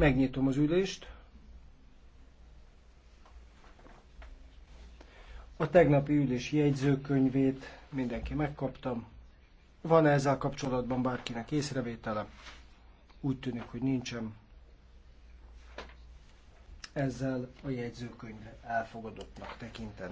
Megnyitom az ülést. A tegnapi ülés jegyzőkönyvét mindenki megkaptam. Van -e ezzel kapcsolatban bárkinek észrevétele? Úgy tűnik, hogy nincsen. Ezzel a jegyzőkönyv elfogadottnak tekintem.